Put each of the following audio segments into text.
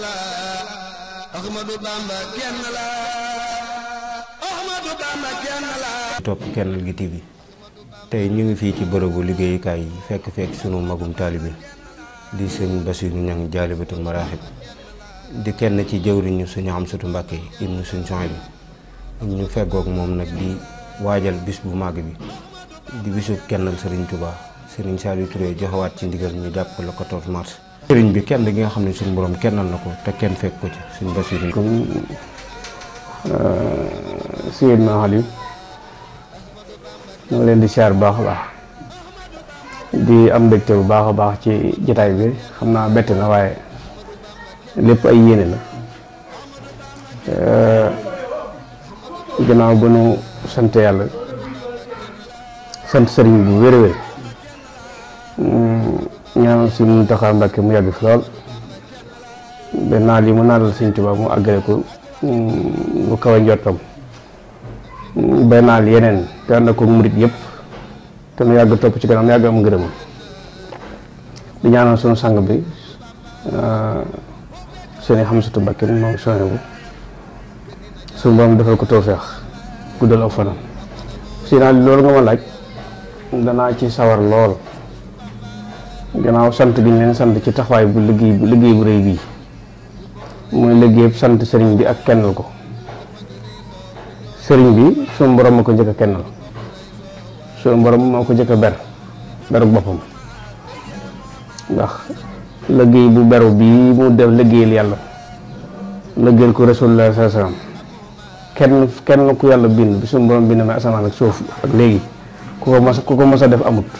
la Ahmadou Bamba kenn la Ahmadou Bamba kenn la topp Kennal gi TV tay ñu ngi fi ci bërëbu liggey kay fekk fekk sunu magum talibé di sëñ Bassirou ñang jalibatu marahib di kenn ci jëwriñu suñu am sutu Mbàkke ibnu suñ soxna ñu feggoog mom nak di wajal bis bu mag bi di bisu Kennal Serigne Touba Serigne Saliou Touré joxawat ci ndigal ñu japp lako tort mars sëriñ bi kenn gi nga xam ne suñu borom kennal na ko te kenn fekk ko ci suñu basiiru euh, comme sëriñ Mahalim ñu ngi leen di siyaar bu baax a baax di am mbégte bu baax a baax ci jataay bi xam naa bett na waaye lépp ay yéene la euh, gannaaw ba nu sant yàlla sant sëriñ bi wér ñaanal suñ Muntaxa Mbàkke mu yàgg ya, fi lool ba naal yi mu naalal suñ Tuubaa mu àggale ko bu mm, kaw a njottam mm, ba naal yeneen te ànd ko murit yëpp te nu yàgg ya topp ci kanam ya yàgg am ngërëm di ñaanal suñu sang bi sëñ Xamsatu mu moom soxna bu suñu borom defal ko tawfeex guddal aw fanam si loolu nga ma laaj danaa ci sawar lool ganaw sant gi leen sant ci taxaway bu liggéey bu liggéey bu rëy bi moy liggéey sant sëriñ bi ak kennal ko sëriñ bi suñu borom ko jëk kennal suñu borom moko jëk ber beru bopam ndax liggéey bu beru bi mu def liggéeyal yalla liggéeyal ko rasulullah sa salaam kenn kenn ku yalla bind bi suñu borom bind na asamaan ak suuf ak legi ku ko mas ko mas def amut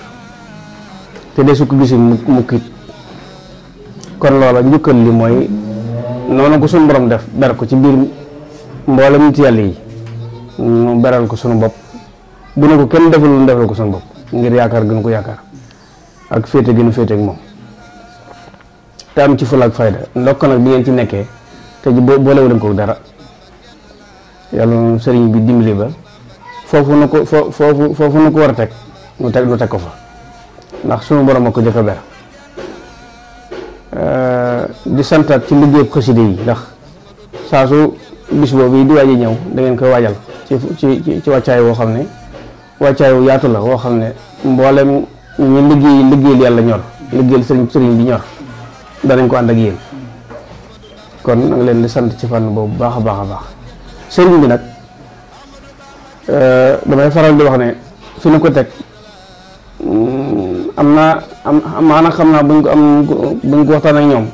te de su ko gisul mu kiit kon loola njukkal li mooy noonu ko suñu borom def beral ko ci biir mboolem nit yàlla yi mu beral ko suñu bopp bu ne ko kenn deful lu defal ko suñu bopp ngir yaakaar gën ko yaakaar ak féete gënu féete ak moom te am ci ful ak fayda ndokk nag bi ngeen ci nekkee te ji boole leen ko dara yàlla moom sëriñ bi dimbali ba foofu na ko foofu foofu na ko war a teg mu teg lu teg ko fa ndax sunu borom ko jëkk a ber euh, di santaat ci liggéeyub xaside yi ndax saa su bis boobu yi di waaj a ñëw da ngeen koy waajal ci ci ci wàccaay woo xam ne wàccaay yaatu la woo xam ne mboolem ñu liggéey liggéeyal yàlla ñor liggéeyal sëriñ sëriñ bi ñor danañ ko ànd ak yéen kon na nga leen di sant ci fànn boobu baax a baax a baax sëriñ bi nag euh, damay faral di wax ne fi nu ko teg Amna am amaana xam buñ ko am buñ ko waxtan ak ñom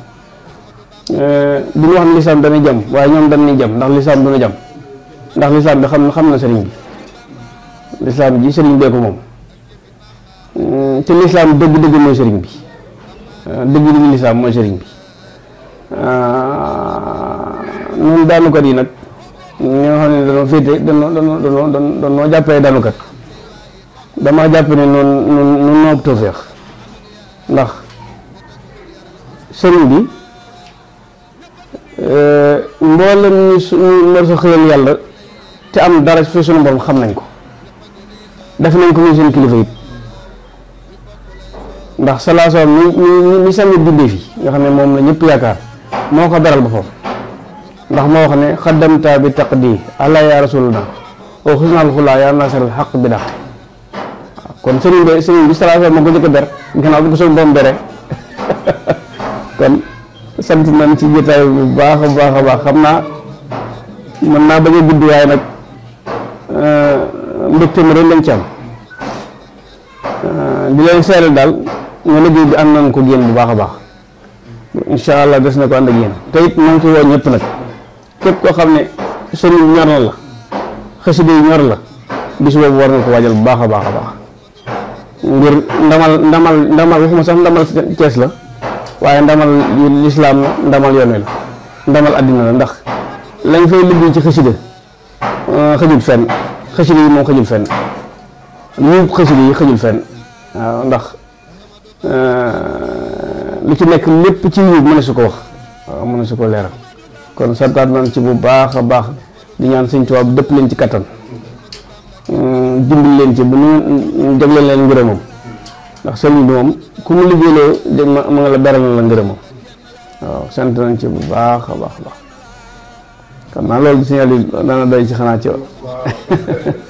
euh buñ wax ne lislaam dana jëm waaye ñoom dañ ni jëm ndax lissam dana jëm ndax lissam bi xam na xam na sëriñ bi lissam ji sëriñ bee ko mm, te lissam dëgg-dëgg mo sëriñ bi e, dëgg-dëgg lissam mo sëriñ bi daanu ko di nak ñu xamni dañu fété dañu dañu dañu dañu jappé daanu ko dama jàpp ne noonu noonu noonu ak tawféex ndax sëriñ bi euh, mboolem ñu su ñu sa xëyal yàlla te am dara fi suñu borom xam nañ ko def nañ ko muy seen kilifa it ndax salaaso mi mi mi sami bindee fi nga xam ne moom la ñëpp yaakaar moo ko beral ba foofu ndax moo wax ne xaddamta bi taqdi allah ya rasuluna wa xusnal xulaa yaa nasar al xaq bi dax kon sëriñ be sëriñ bi salaasa mo ko jëkk ber gannaaw bi ko suñu boom bere kon sant nañ ci jotaay bu baax a baax a baax xam naa mën naa bañ a gudd waaye nag eh, mbégte lañ ci am euh di lay seeral dal nga liggéey bi am nañ ko gën bu baax baax inshallah dess na ko ànd ak yéen te it mo ngi wo ñepp nak kep ko xamne xam ne ñor la xasida yi ñor la bisu bobu war na ko wajal bu baax baax baax ngir ndamal ndamal ndamal waxuma sax ndamal Cees la waaye ndamal lislaam la ndamal yoon la ndamal àddina la ndax lañ fay liggéey ci xasida euh, xëjul fenn xasida yi moom xëjul fenn ñu xasida yi xëjul fenn waaw ndax euh, lu ci nekk lépp ci yiw mën su ko wax waaw mën su ko leeral kon santaat nañ ci bu baax a baax di ñaan Sëñ Tuubaa dëpp lañ ci kattan Euh, dimbali leen ci bu nu jagleel leen ngërëmam ndax sëriñ bi moom ku mu liggéeyloo dégg ma nga la beral na la ngërëmam waaw sant nañ ci bu baax a baax a baax xam naa loolu bi signal yi daana doy ci xanaa ci